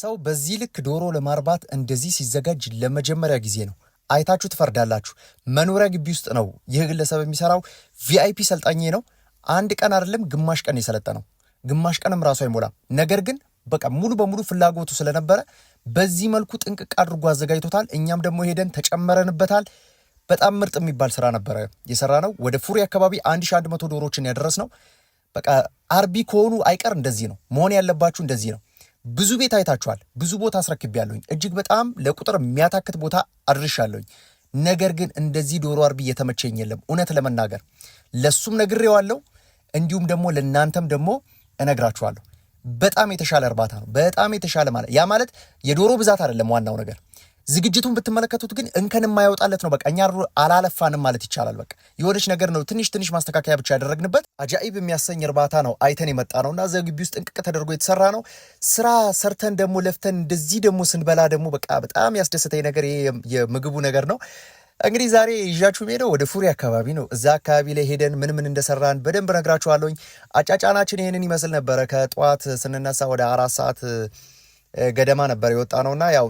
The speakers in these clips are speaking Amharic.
ሰው በዚህ ልክ ዶሮ ለማርባት እንደዚህ ሲዘጋጅ ለመጀመሪያ ጊዜ ነው። አይታችሁ ትፈርዳላችሁ። መኖሪያ ግቢ ውስጥ ነው ይህ ግለሰብ የሚሰራው። ቪአይፒ ሰልጣኝ ነው። አንድ ቀን አይደለም ግማሽ ቀን የሰለጠነው፣ ግማሽ ቀንም ራሱ አይሞላም። ነገር ግን በቃ ሙሉ በሙሉ ፍላጎቱ ስለነበረ በዚህ መልኩ ጥንቅቅ አድርጎ አዘጋጅቶታል። እኛም ደግሞ ሄደን ተጨመረንበታል። በጣም ምርጥ የሚባል ስራ ነበረ የሰራ ነው። ወደ ፉሪ አካባቢ 1100 ዶሮችን ያደረስ ነው። በቃ አርቢ ከሆኑ አይቀር እንደዚህ ነው መሆን ያለባችሁ፣ እንደዚህ ነው። ብዙ ቤት አይታችኋል። ብዙ ቦታ አስረክቤያለሁኝ። እጅግ በጣም ለቁጥር የሚያታክት ቦታ አድርሻለሁኝ። ነገር ግን እንደዚህ ዶሮ አርቢ እየተመቸኝ የለም እውነት ለመናገር ለሱም ነግሬዋለሁ፣ እንዲሁም ደግሞ ለእናንተም ደግሞ እነግራችኋለሁ። በጣም የተሻለ እርባታ ነው። በጣም የተሻለ ማለት ያ ማለት የዶሮ ብዛት አይደለም ዋናው ነገር ዝግጅቱን ብትመለከቱት ግን እንከን የማያወጣለት ነው። በቃ እኛ አላለፋንም ማለት ይቻላል። በቃ የሆነች ነገር ነው። ትንሽ ትንሽ ማስተካከያ ብቻ ያደረግንበት አጃኢብ የሚያሰኝ እርባታ ነው አይተን የመጣ ነው እና እዚያ ግቢ ውስጥ እንቅቅ ተደርጎ የተሰራ ነው። ስራ ሰርተን ደግሞ ለፍተን እንደዚህ ደግሞ ስንበላ ደግሞ በቃ በጣም ያስደሰተኝ ነገር ይሄ የምግቡ ነገር ነው። እንግዲህ ዛሬ ይዣችሁ ሄደው ወደ ፉሪ አካባቢ ነው። እዛ አካባቢ ላይ ሄደን ምን ምን እንደሰራን በደንብ ነግራችኋለሁኝ። አጫጫናችን ይህንን ይመስል ነበረ። ከጠዋት ስንነሳ ወደ አራት ሰዓት ገደማ ነበር የወጣ ነውና ያው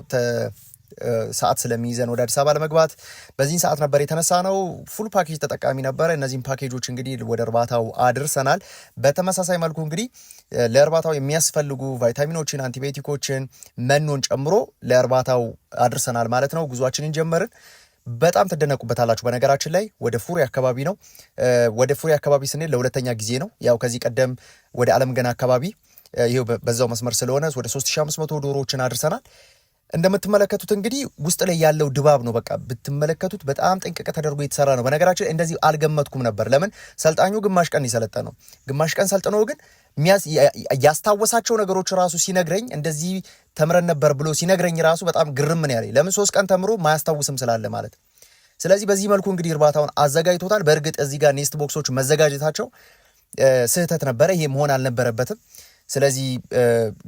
ሰዓት ስለሚይዘን ወደ አዲስ አበባ ለመግባት በዚህን ሰዓት ነበር የተነሳ ነው። ፉል ፓኬጅ ተጠቃሚ ነበረ። እነዚህን ፓኬጆች እንግዲህ ወደ እርባታው አድርሰናል። በተመሳሳይ መልኩ እንግዲህ ለእርባታው የሚያስፈልጉ ቫይታሚኖችን፣ አንቲባዮቲኮችን፣ መኖን ጨምሮ ለእርባታው አድርሰናል ማለት ነው። ጉዟችንን ጀመርን። በጣም ትደነቁበታላችሁ። በነገራችን ላይ ወደ ፉሪ አካባቢ ነው። ወደ ፉሪ አካባቢ ስንል ለሁለተኛ ጊዜ ነው። ያው ከዚህ ቀደም ወደ አለም ገና አካባቢ ይሄው በዛው መስመር ስለሆነ ወደ 3500 ዶሮዎችን አድርሰናል። እንደምትመለከቱት እንግዲህ ውስጥ ላይ ያለው ድባብ ነው። በቃ ብትመለከቱት በጣም ጥንቅቅ ተደርጎ የተሰራ ነው። በነገራችን እንደዚህ አልገመትኩም ነበር። ለምን ሰልጣኙ ግማሽ ቀን ነው። ግማሽ ቀን ሰልጥኖ ግን ያስታወሳቸው ነገሮች ራሱ ሲነግረኝ እንደዚህ ተምረን ነበር ብሎ ሲነግረኝ ራሱ በጣም ግርም ነው ያለኝ። ለምን ሶስት ቀን ተምሮ ማያስታውስም ስላለ ማለት። ስለዚህ በዚህ መልኩ እንግዲህ እርባታውን አዘጋጅቶታል። በእርግጥ እዚህ ጋር ኔስት ቦክሶች መዘጋጀታቸው ስህተት ነበረ። ይሄ መሆን አልነበረበትም። ስለዚህ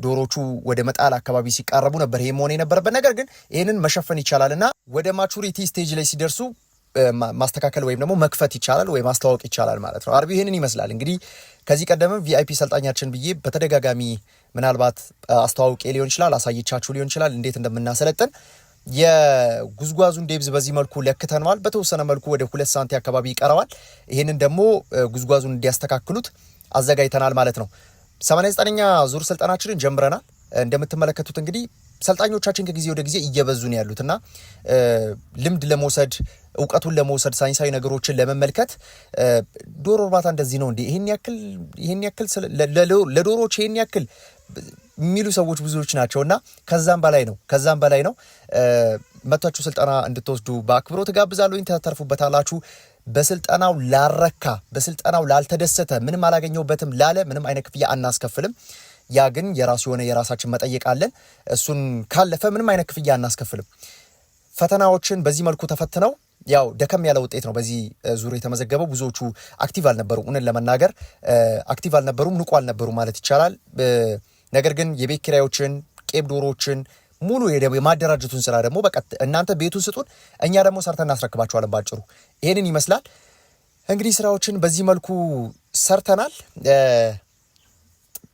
ዶሮቹ ወደ መጣል አካባቢ ሲቃረቡ ነበር ይሄ መሆን የነበረበት። ነገር ግን ይህንን መሸፈን ይቻላል እና ወደ ማቹሪቲ ስቴጅ ላይ ሲደርሱ ማስተካከል ወይም ደግሞ መክፈት ይቻላል ወይም ማስተዋወቅ ይቻላል ማለት ነው። አርቢው ይህንን ይመስላል እንግዲህ ከዚህ ቀደም ቪአይፒ ሰልጣኛችን ብዬ በተደጋጋሚ ምናልባት አስተዋውቄ ሊሆን ይችላል፣ አሳይቻችሁ ሊሆን ይችላል እንዴት እንደምናሰለጥን የጉዝጓዙን ዴብዝ በዚህ መልኩ ለክተነዋል። በተወሰነ መልኩ ወደ ሁለት ሳንቲ አካባቢ ይቀረዋል። ይህንን ደግሞ ጉዝጓዙን እንዲያስተካክሉት አዘጋጅተናል ማለት ነው። 89 ዘጠነኛ ዙር ስልጠናችንን ጀምረናል። እንደምትመለከቱት እንግዲህ ሰልጣኞቻችን ከጊዜ ወደ ጊዜ እየበዙ ነው ያሉት እና ልምድ ለመውሰድ እውቀቱን ለመውሰድ ሳይንሳዊ ነገሮችን ለመመልከት ዶሮ እርባታ እንደዚህ ነው እንዴ ይሄን ያክል ለዶሮዎች ይሄን ያክል የሚሉ ሰዎች ብዙዎች ናቸው እና ከዛም በላይ ነው ከዛም በላይ ነው መጥታችሁ ስልጠና እንድትወስዱ በአክብሮት ጋብዛለሁ። ተተርፉበታላችሁ። በስልጠናው ላረካ በስልጠናው ላልተደሰተ፣ ምንም አላገኘሁበትም ላለ ምንም አይነት ክፍያ አናስከፍልም። ያ ግን የራሱ የሆነ የራሳችን መጠየቅ አለን። እሱን ካለፈ ምንም አይነት ክፍያ አናስከፍልም። ፈተናዎችን በዚህ መልኩ ተፈትነው ያው ደከም ያለ ውጤት ነው በዚህ ዙር የተመዘገበው። ብዙዎቹ አክቲቭ አልነበሩ እውነት ለመናገር አክቲቭ አልነበሩም፣ ንቁ አልነበሩ ማለት ይቻላል። ነገር ግን የቤት ኪራዮችን፣ ቄብ ዶሮዎችን ሙሉ የማደራጀቱን ስራ ደግሞ በቃ እናንተ ቤቱን ስጡን፣ እኛ ደግሞ ሰርተን እናስረክባቸዋለን። ባጭሩ ይህንን ይመስላል እንግዲህ ስራዎችን በዚህ መልኩ ሰርተናል።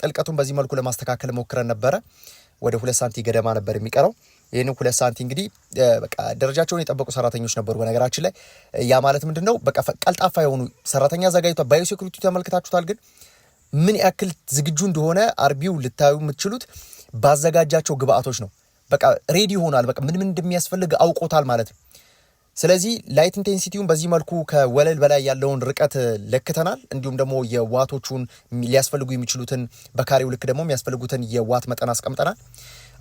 ጥልቀቱን በዚህ መልኩ ለማስተካከል ሞክረን ነበረ። ወደ ሁለት ሳንቲ ገደማ ነበር የሚቀረው። ይህንን ሁለት ሳንቲ እንግዲህ በቃ ደረጃቸውን የጠበቁ ሰራተኞች ነበሩ። በነገራችን ላይ ያ ማለት ምንድን ነው? በቃ ቀልጣፋ የሆኑ ሰራተኛ አዘጋጅቷል። ባዮሴኩሪቲ ተመልክታችሁታል። ግን ምን ያክል ዝግጁ እንደሆነ አርቢው ልታዩ የምትችሉት ባዘጋጃቸው ግብአቶች ነው። በቃ ሬዲ ሆኗል። በቃ ምን ምን እንደሚያስፈልግ አውቆታል ማለት ነው። ስለዚህ ላይት ኢንቴንሲቲውን በዚህ መልኩ ከወለል በላይ ያለውን ርቀት ለክተናል። እንዲሁም ደግሞ የዋቶቹን ሊያስፈልጉ የሚችሉትን በካሬው ልክ ደግሞ የሚያስፈልጉትን የዋት መጠን አስቀምጠናል።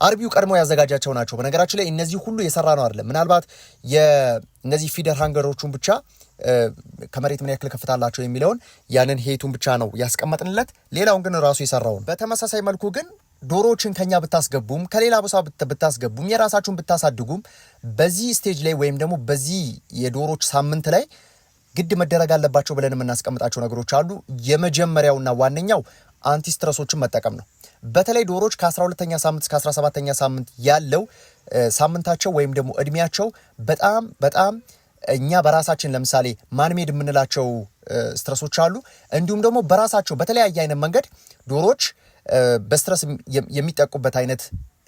አርቢው ቀድሞ ያዘጋጃቸው ናቸው። በነገራችን ላይ እነዚህ ሁሉ የሰራ ነው አይደለም። ምናልባት የእነዚህ ፊደር ሃንገሮቹን ብቻ ከመሬት ምን ያክል ከፍታላቸው የሚለውን ያንን ሄቱን ብቻ ነው ያስቀመጥንለት። ሌላውን ግን ራሱ የሰራውን በተመሳሳይ መልኩ ግን ዶሮዎችን ከኛ ብታስገቡም ከሌላ ቦታ ብታስገቡም የራሳችሁን ብታሳድጉም በዚህ ስቴጅ ላይ ወይም ደግሞ በዚህ የዶሮች ሳምንት ላይ ግድ መደረግ አለባቸው ብለን የምናስቀምጣቸው ነገሮች አሉ። የመጀመሪያውና ዋነኛው አንቲስትረሶችን መጠቀም ነው። በተለይ ዶሮዎች ከ12ተኛ ሳምንት እስከ 17ተኛ ሳምንት ያለው ሳምንታቸው ወይም ደግሞ እድሜያቸው በጣም በጣም እኛ በራሳችን ለምሳሌ ማንሜድ የምንላቸው ስትረሶች አሉ። እንዲሁም ደግሞ በራሳቸው በተለያየ አይነት መንገድ ዶሮዎች በስትረስ የሚጠቁበት አይነት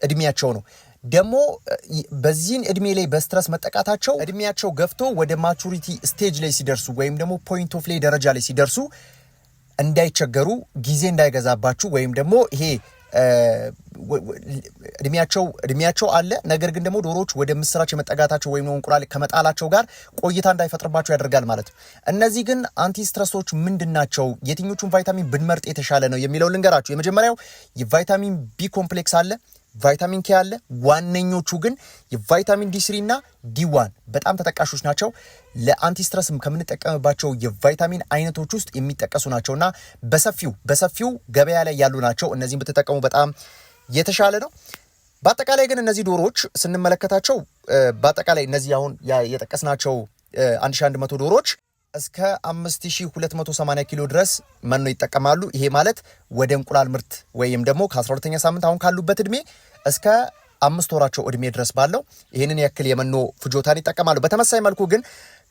እድሜያቸው ነው። ደግሞ በዚህን እድሜ ላይ በስትረስ መጠቃታቸው እድሜያቸው ገፍቶ ወደ ማቹሪቲ ስቴጅ ላይ ሲደርሱ ወይም ደግሞ ፖይንት ኦፍ ላይ ደረጃ ላይ ሲደርሱ እንዳይቸገሩ ጊዜ እንዳይገዛባችሁ ወይም ደግሞ ይሄ እድሜያቸው እድሜያቸው አለ። ነገር ግን ደግሞ ዶሮዎች ወደ ምስራች የመጠጋታቸው ወይም እንቁላል ከመጣላቸው ጋር ቆይታ እንዳይፈጥርባቸው ያደርጋል ማለት ነው። እነዚህ ግን አንቲስትረሶች ምንድን ናቸው? የትኞቹን ቫይታሚን ብንመርጥ የተሻለ ነው የሚለው ልንገራችሁ። የመጀመሪያው የቫይታሚን ቢ ኮምፕሌክስ አለ። ቫይታሚን ኬ አለ። ዋነኞቹ ግን የቫይታሚን ዲ ስሪ እና ዲ ዋን በጣም ተጠቃሾች ናቸው። ለአንቲስትረስም ከምንጠቀምባቸው የቫይታሚን አይነቶች ውስጥ የሚጠቀሱ ናቸው እና በሰፊው በሰፊው ገበያ ላይ ያሉ ናቸው። እነዚህም ብትጠቀሙ በጣም የተሻለ ነው። በአጠቃላይ ግን እነዚህ ዶሮዎች ስንመለከታቸው በአጠቃላይ እነዚህ አሁን የጠቀስናቸው 1100 ዶሮዎች እስከ 5280 ኪሎ ድረስ መኖ ይጠቀማሉ። ይሄ ማለት ወደ እንቁላል ምርት ወይም ደግሞ ከ12ኛ ሳምንት አሁን ካሉበት እድሜ እስከ አምስት ወራቸው እድሜ ድረስ ባለው ይህንን ያክል የመኖ ፍጆታን ይጠቀማሉ። በተመሳይ መልኩ ግን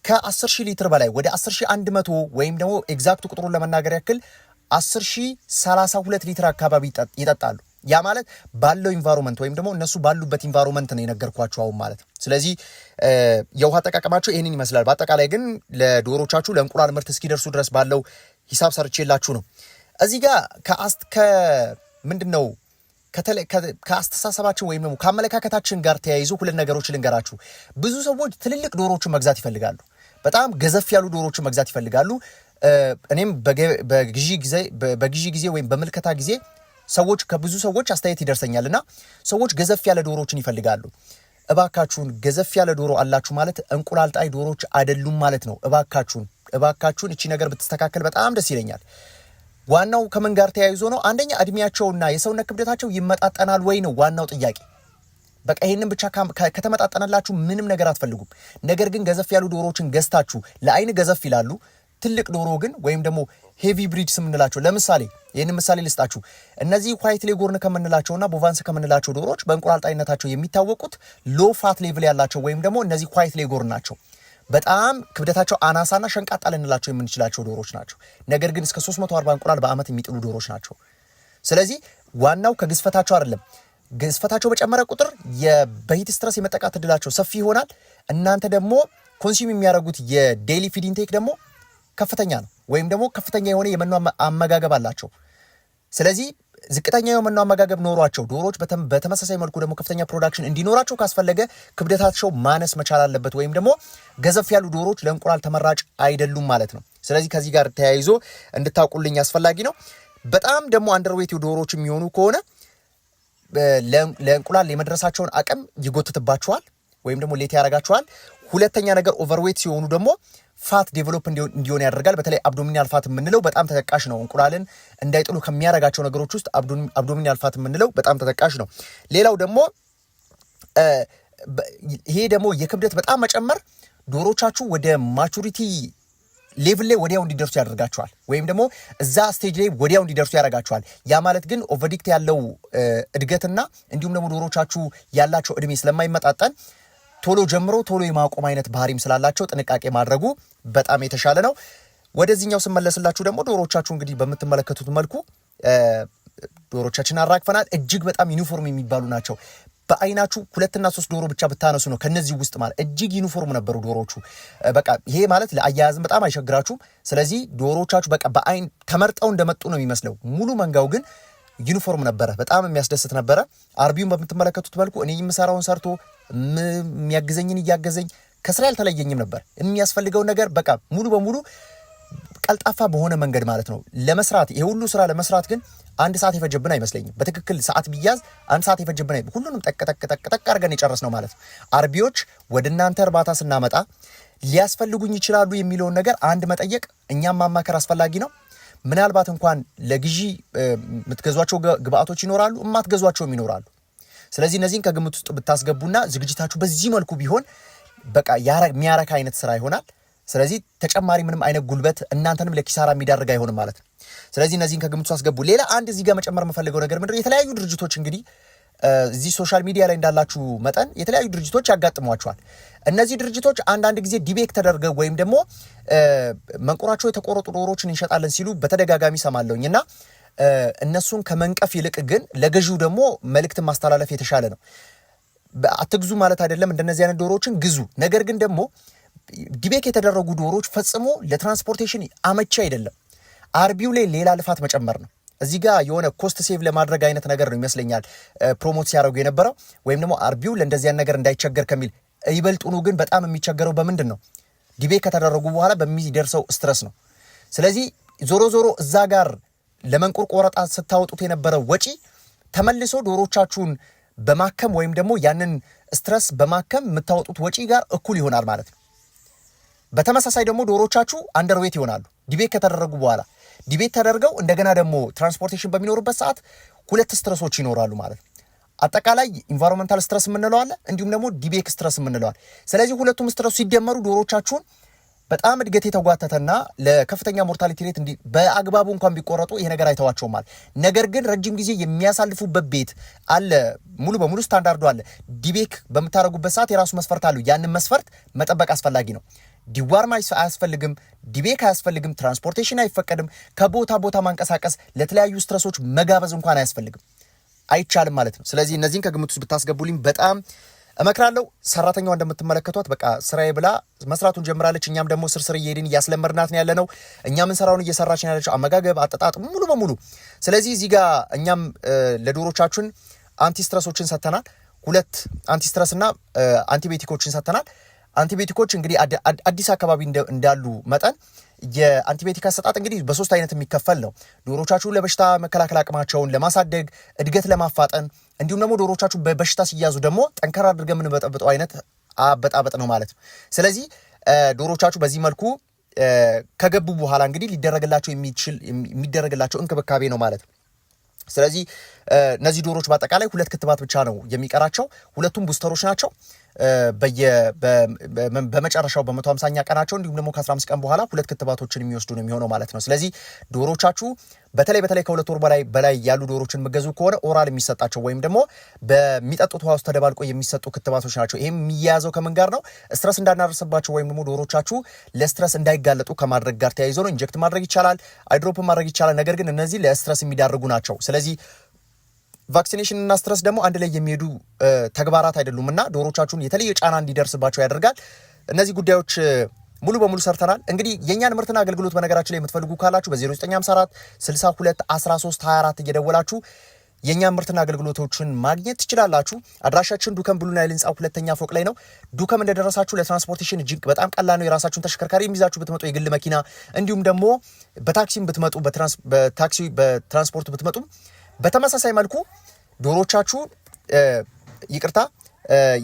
ከ10 ሺህ ሊትር በላይ ወደ 10100 ወይም ደግሞ ኤግዛክቱ ቁጥሩን ለመናገር ያክል 10032 ሊትር አካባቢ ይጠጣሉ። ያ ማለት ባለው ኢንቫይሮንመንት ወይም ደግሞ እነሱ ባሉበት ኢንቫይሮንመንት ነው የነገርኳቸው አሁን ማለት ነው። ስለዚህ የውሃ አጠቃቀማቸው ይህንን ይመስላል። በአጠቃላይ ግን ለዶሮቻችሁ ለእንቁላል ምርት እስኪደርሱ ድረስ ባለው ሂሳብ ሰርቼላችሁ ነው። እዚህ ጋር ከአስት ከምንድን ነው ከአስተሳሰባችን ወይም ደግሞ ከአመለካከታችን ጋር ተያይዞ ሁለት ነገሮች ልንገራችሁ። ብዙ ሰዎች ትልልቅ ዶሮዎችን መግዛት ይፈልጋሉ። በጣም ገዘፍ ያሉ ዶሮዎችን መግዛት ይፈልጋሉ። እኔም በግዢ ጊዜ ወይም በምልከታ ጊዜ ሰዎች ከብዙ ሰዎች አስተያየት እና ሰዎች ገዘፍ ያለ ዶሮዎችን ይፈልጋሉ። እባካችሁን ገዘፍ ያለ ዶሮ አላችሁ ማለት እንቁላል ጣይ ዶሮዎች አይደሉም ማለት ነው። እባካችሁን እባካችሁን እቺ ነገር ብትስተካከል በጣም ደስ ይለኛል። ዋናው ከምን ጋር ተያይዞ ነው? አንደኛ እድሜያቸውና የሰውነት ክብደታቸው ይመጣጠናል ወይ ነው ዋናው ጥያቄ። በቃ ይህንን ብቻ ከተመጣጠናላችሁ ምንም ነገር አትፈልጉም። ነገር ግን ገዘፍ ያሉ ዶሮዎችን ገዝታችሁ ለአይን ገዘፍ ይላሉ ትልቅ ዶሮ ግን ወይም ደግሞ ሄቪ ብሪድስ የምንላቸው ለምሳሌ ይህን ምሳሌ ልስጣችሁ። እነዚህ ዋይት ሌጎርን ከምንላቸውና ቦቫንስ ከምንላቸው ዶሮዎች በእንቁላል ጣይነታቸው የሚታወቁት ሎ ፋት ሌቭል ያላቸው ወይም ደግሞ እነዚህ ዋይት ሌጎር ናቸው። በጣም ክብደታቸው አናሳና ሸንቃጣ ልንላቸው የምንችላቸው ዶሮዎች ናቸው። ነገር ግን እስከ 340 እንቁላል በዓመት የሚጥሉ ዶሮዎች ናቸው። ስለዚህ ዋናው ከግዝፈታቸው አይደለም። ግዝፈታቸው በጨመረ ቁጥር የበሂት ስትረስ የመጠቃት እድላቸው ሰፊ ይሆናል። እናንተ ደግሞ ኮንሱም የሚያደርጉት የዴይሊ ፊድ ኢንቴክ ደግሞ ከፍተኛ ነው፣ ወይም ደግሞ ከፍተኛ የሆነ የመኖ አመጋገብ አላቸው። ስለዚህ ዝቅተኛ የመኖ አመጋገብ ኖሯቸው ዶሮዎች በተመሳሳይ መልኩ ደግሞ ከፍተኛ ፕሮዳክሽን እንዲኖራቸው ካስፈለገ ክብደታቸው ማነስ መቻል አለበት፣ ወይም ደግሞ ገዘፍ ያሉ ዶሮዎች ለእንቁላል ተመራጭ አይደሉም ማለት ነው። ስለዚህ ከዚህ ጋር ተያይዞ እንድታውቁልኝ አስፈላጊ ነው። በጣም ደግሞ አንደርዌት ዶሮዎች የሚሆኑ ከሆነ ለእንቁላል የመድረሳቸውን አቅም ይጎትትባቸዋል፣ ወይም ደግሞ ሌት ያደርጋቸዋል። ሁለተኛ ነገር ኦቨርዌት ሲሆኑ ደግሞ ፋት ዴቨሎፕ እንዲሆን ያደርጋል። በተለይ አብዶሚኒያል ፋት የምንለው በጣም ተጠቃሽ ነው። እንቁላልን እንዳይጥሉ ከሚያደርጋቸው ነገሮች ውስጥ አብዶሚኒያል ፋት የምንለው በጣም ተጠቃሽ ነው። ሌላው ደግሞ ይሄ ደግሞ የክብደት በጣም መጨመር ዶሮቻችሁ ወደ ማቹሪቲ ሌቭል ላይ ወዲያው እንዲደርሱ ያደርጋቸዋል ወይም ደግሞ እዛ ስቴጅ ላይ ወዲያው እንዲደርሱ ያደርጋቸዋል። ያ ማለት ግን ኦቨርዲክት ያለው እድገትና እንዲሁም ደግሞ ዶሮቻችሁ ያላቸው እድሜ ስለማይመጣጠን ቶሎ ጀምሮ ቶሎ የማቆም አይነት ባህሪም ስላላቸው ጥንቃቄ ማድረጉ በጣም የተሻለ ነው። ወደዚህኛው ስመለስላችሁ ደግሞ ዶሮቻችሁ እንግዲህ በምትመለከቱት መልኩ ዶሮቻችን አራግፈናል። እጅግ በጣም ዩኒፎርም የሚባሉ ናቸው። በአይናችሁ ሁለትና ሶስት ዶሮ ብቻ ብታነሱ ነው ከነዚህ ውስጥ ማለት እጅግ ዩኒፎርም ነበሩ ዶሮቹ። በቃ ይሄ ማለት ለአያያዝም በጣም አይቸግራችሁም። ስለዚህ ዶሮቻችሁ በቃ በአይን ተመርጠው እንደመጡ ነው የሚመስለው ሙሉ መንጋው ግን ዩኒፎርም ነበረ። በጣም የሚያስደስት ነበረ። አርቢውን በምትመለከቱት መልኩ እኔ የምሰራውን ሰርቶ የሚያግዘኝን እያገዘኝ ከስራ ያልተለየኝም ነበር። የሚያስፈልገውን ነገር በቃ ሙሉ በሙሉ ቀልጣፋ በሆነ መንገድ ማለት ነው ለመስራት ይሄ ሁሉ ስራ ለመስራት ግን አንድ ሰዓት የፈጀብን አይመስለኝም። በትክክል ሰዓት ቢያዝ አንድ ሰዓት የፈጀብን አይ ሁሉንም ጠቅጠቅጠቅጠቅ አድርገን የጨረስ ነው ማለት ነው። አርቢዎች ወደ እናንተ እርባታ ስናመጣ ሊያስፈልጉኝ ይችላሉ የሚለውን ነገር አንድ መጠየቅ፣ እኛም ማማከር አስፈላጊ ነው። ምናልባት እንኳን ለግዢ የምትገዟቸው ግብአቶች ይኖራሉ፣ የማትገዟቸውም ይኖራሉ። ስለዚህ እነዚህን ከግምት ውስጥ ብታስገቡና ዝግጅታችሁ በዚህ መልኩ ቢሆን በቃ የሚያረካ አይነት ስራ ይሆናል። ስለዚህ ተጨማሪ ምንም አይነት ጉልበት እናንተንም ለኪሳራ የሚዳርግ አይሆንም ማለት ነው። ስለዚህ እነዚህን ከግምት ውስጥ አስገቡ። ሌላ አንድ እዚህ ጋር መጨመር የምፈልገው ነገር ምንድነው የተለያዩ ድርጅቶች እንግዲህ እዚህ ሶሻል ሚዲያ ላይ እንዳላችሁ መጠን የተለያዩ ድርጅቶች ያጋጥሟቸዋል። እነዚህ ድርጅቶች አንዳንድ ጊዜ ዲቤክ ተደርገው ወይም ደግሞ መንቁራቸው የተቆረጡ ዶሮዎችን እንሸጣለን ሲሉ በተደጋጋሚ ሰማለውኝ እና እነሱን ከመንቀፍ ይልቅ ግን ለገዢው ደግሞ መልእክት ማስተላለፍ የተሻለ ነው። አትግዙ ማለት አይደለም፣ እንደነዚህ አይነት ዶሮዎችን ግዙ። ነገር ግን ደግሞ ዲቤክ የተደረጉ ዶሮዎች ፈጽሞ ለትራንስፖርቴሽን አመቺ አይደለም። አርቢው ላይ ሌላ ልፋት መጨመር ነው። እዚህ ጋር የሆነ ኮስት ሴቭ ለማድረግ አይነት ነገር ነው ይመስለኛል ፕሮሞት ሲያደርጉ የነበረው ወይም ደግሞ አርቢው ለእንደዚያን ነገር እንዳይቸገር ከሚል ይበልጡኑ ግን በጣም የሚቸገረው በምንድን ነው ዲቤ ከተደረጉ በኋላ በሚደርሰው ስትረስ ነው። ስለዚህ ዞሮ ዞሮ እዛ ጋር ለመንቁር ቆረጣ ስታወጡት የነበረው ወጪ ተመልሶ ዶሮቻችሁን በማከም ወይም ደግሞ ያንን ስትረስ በማከም የምታወጡት ወጪ ጋር እኩል ይሆናል ማለት ነው። በተመሳሳይ ደግሞ ዶሮቻችሁ አንደርዌት ይሆናሉ ዲቤ ከተደረጉ በኋላ ዲቤት ተደርገው እንደገና ደግሞ ትራንስፖርቴሽን በሚኖሩበት ሰዓት ሁለት ስትረሶች ይኖራሉ ማለት ነው። አጠቃላይ ኢንቫይሮንመንታል ስትረስ የምንለዋለ እንዲሁም ደግሞ ዲቤክ ስትረስ የምንለዋል። ስለዚህ ሁለቱም ስትረሱ ሲደመሩ ዶሮቻችሁን በጣም እድገት የተጓተተና ለከፍተኛ ሞርታሊቲ ሬት እንዲ በአግባቡ እንኳን ቢቆረጡ ይሄ ነገር አይተዋቸውማል። ነገር ግን ረጅም ጊዜ የሚያሳልፉበት ቤት አለ፣ ሙሉ በሙሉ ስታንዳርዱ አለ። ዲቤክ በምታደርጉበት ሰዓት የራሱ መስፈርት አሉ። ያንን መስፈርት መጠበቅ አስፈላጊ ነው። ዲዋር አያስፈልግም፣ ዲቤክ አያስፈልግም፣ ትራንስፖርቴሽን አይፈቀድም፣ ከቦታ ቦታ ማንቀሳቀስ፣ ለተለያዩ ስትረሶች መጋበዝ እንኳን አያስፈልግም፣ አይቻልም ማለት ነው። ስለዚህ እነዚህን ከግምት ውስጥ ብታስገቡልኝ በጣም እመክራለሁ። ሰራተኛዋ እንደምትመለከቷት በቃ ስራዬ ብላ መስራቱን ጀምራለች። እኛም ደግሞ ስርስር እየሄድን እያስለመድናት ነው ያለነው። እኛም ምን እየሰራች ነው ያለችው፣ አመጋገብ፣ አጠጣጥ ሙሉ በሙሉ። ስለዚህ እዚህ ጋር እኛም ለዶሮቻችን አንቲስትረሶችን ሰጥተናል። ሁለት አንቲስትረስ እና አንቲቤቲኮችን ሰጥተናል። አንቲቢዮቲኮች እንግዲህ አዲስ አካባቢ እንዳሉ መጠን የአንቲቢዮቲክ አሰጣጥ እንግዲህ በሶስት አይነት የሚከፈል ነው። ዶሮቻችሁን ለበሽታ መከላከል አቅማቸውን ለማሳደግ እድገት ለማፋጠን እንዲሁም ደግሞ ዶሮቻችሁ በበሽታ ሲያዙ ደግሞ ጠንከር አድርገን የምንበጠብጠው አይነት አበጣበጥ ነው ማለት ነው። ስለዚህ ዶሮቻችሁ በዚህ መልኩ ከገቡ በኋላ እንግዲህ ሊደረግላቸው የሚችል የሚደረግላቸው እንክብካቤ ነው ማለት ነው። ስለዚህ እነዚህ ዶሮች በአጠቃላይ ሁለት ክትባት ብቻ ነው የሚቀራቸው። ሁለቱም ቡስተሮች ናቸው። በመጨረሻው በመቶ ሀምሳኛ ቀናቸው እንዲሁም ደግሞ ከአስራ አምስት ቀን በኋላ ሁለት ክትባቶችን የሚወስዱ ነው የሚሆነው ማለት ነው። ስለዚህ ዶሮቻችሁ በተለይ በተለይ ከሁለት ወር በላይ በላይ ያሉ ዶሮችን የምገዙ ከሆነ ኦራል የሚሰጣቸው ወይም ደግሞ በሚጠጡት ውሃ ውስጥ ተደባልቆ የሚሰጡ ክትባቶች ናቸው። ይህም የሚያያዘው ከምን ጋር ነው? ስትረስ እንዳናደርስባቸው ወይም ደግሞ ዶሮቻችሁ ለስትረስ እንዳይጋለጡ ከማድረግ ጋር ተያይዞ ነው። ኢንጀክት ማድረግ ይቻላል፣ አይድሮፕ ማድረግ ይቻላል። ነገር ግን እነዚህ ለስትረስ የሚዳርጉ ናቸው። ስለዚህ ቫክሲኔሽን እና ስትረስ ደግሞ አንድ ላይ የሚሄዱ ተግባራት አይደሉም እና ዶሮቻችሁን የተለየ ጫና እንዲደርስባቸው ያደርጋል። እነዚህ ጉዳዮች ሙሉ በሙሉ ሰርተናል። እንግዲህ የእኛን ምርትና አገልግሎት በነገራችን ላይ የምትፈልጉ ካላችሁ በ0954 62 13 24 እየደወላችሁ የእኛ ምርትና አገልግሎቶችን ማግኘት ትችላላችሁ። አድራሻችን ዱከም ብሉ ናይል ህንፃ ሁለተኛ ፎቅ ላይ ነው። ዱከም እንደደረሳችሁ ለትራንስፖርቴሽን እጅግ በጣም ቀላል ነው። የራሳችሁን ተሽከርካሪ የሚይዛችሁ ብትመጡ የግል መኪና እንዲሁም ደግሞ በታክሲም ብትመጡ በታክሲ በትራንስፖርት ብትመጡ በተመሳሳይ መልኩ ዶሮቻችሁ ይቅርታ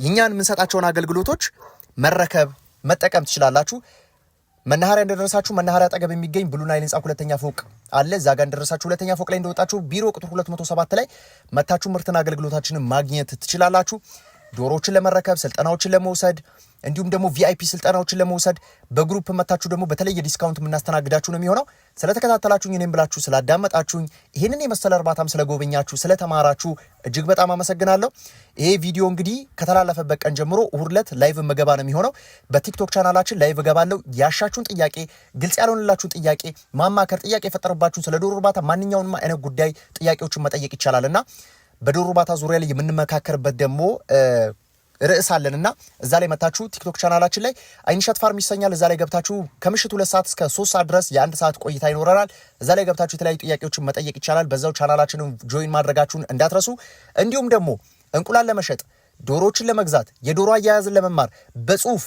እኛን የምንሰጣቸውን አገልግሎቶች መረከብ መጠቀም ትችላላችሁ። መናኸሪያ እንደደረሳችሁ መናኸሪያ አጠገብ የሚገኝ ብሉ ናይል ህንፃ ሁለተኛ ፎቅ አለ። እዛ ጋር እንደደረሳችሁ ሁለተኛ ፎቅ ላይ እንደወጣችሁ ቢሮ ቁጥር 207 ላይ መታችሁ ምርትና አገልግሎታችንን ማግኘት ትችላላችሁ። ዶሮዎችን ለመረከብ ስልጠናዎችን ለመውሰድ እንዲሁም ደግሞ ቪአይፒ ስልጠናዎችን ለመውሰድ በግሩፕ መታችሁ ደግሞ በተለየ ዲስካውንት የምናስተናግዳችሁ ነው የሚሆነው። ስለተከታተላችሁኝ፣ እኔም ብላችሁ ስላዳመጣችሁኝ፣ ይህንን የመሰለ እርባታም ስለጎበኛችሁ፣ ስለተማራችሁ እጅግ በጣም አመሰግናለሁ። ይሄ ቪዲዮ እንግዲህ ከተላለፈበት ቀን ጀምሮ እሁድ ዕለት ላይቭ መገባ ነው የሚሆነው። በቲክቶክ ቻናላችን ላይቭ እገባለሁ። ያሻችሁን ጥያቄ፣ ግልጽ ያልሆንላችሁን ጥያቄ፣ ማማከር፣ ጥያቄ የፈጠረባችሁን ስለ ዶሮ እርባታ ማንኛውንም አይነት ጉዳይ ጥያቄዎችን መጠየቅ ይቻላል እና በዶሮ እርባታ ዙሪያ ላይ የምንመካከርበት ደግሞ ርዕስ አለን እና እዛ ላይ መታችሁ ቲክቶክ ቻናላችን ላይ አይንሸት ፋርም ይሰኛል። እዛ ላይ ገብታችሁ ከምሽት ሁለት ሰዓት እስከ ሶስት ሰዓት ድረስ የአንድ ሰዓት ቆይታ ይኖረናል። እዛ ላይ ገብታችሁ የተለያዩ ጥያቄዎችን መጠየቅ ይቻላል። በዛው ቻናላችንን ጆይን ማድረጋችሁን እንዳትረሱ። እንዲሁም ደግሞ እንቁላል ለመሸጥ ዶሮዎችን ለመግዛት የዶሮ አያያዝን ለመማር በጽሁፍ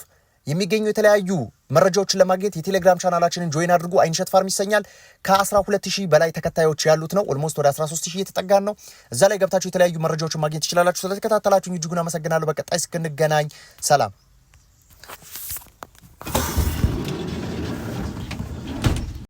የሚገኙ የተለያዩ መረጃዎችን ለማግኘት የቴሌግራም ቻናላችንን ጆይን አድርጉ። አይንሸት ፋርም ይሰኛል። ከ12000 በላይ ተከታዮች ያሉት ነው። ኦልሞስት ወደ 13000 እየተጠጋን ነው። እዛ ላይ ገብታችሁ የተለያዩ መረጃዎችን ማግኘት ትችላላችሁ። ስለተከታተላችሁኝ እጅጉን አመሰግናለሁ። በቀጣይ እስክንገናኝ ሰላም።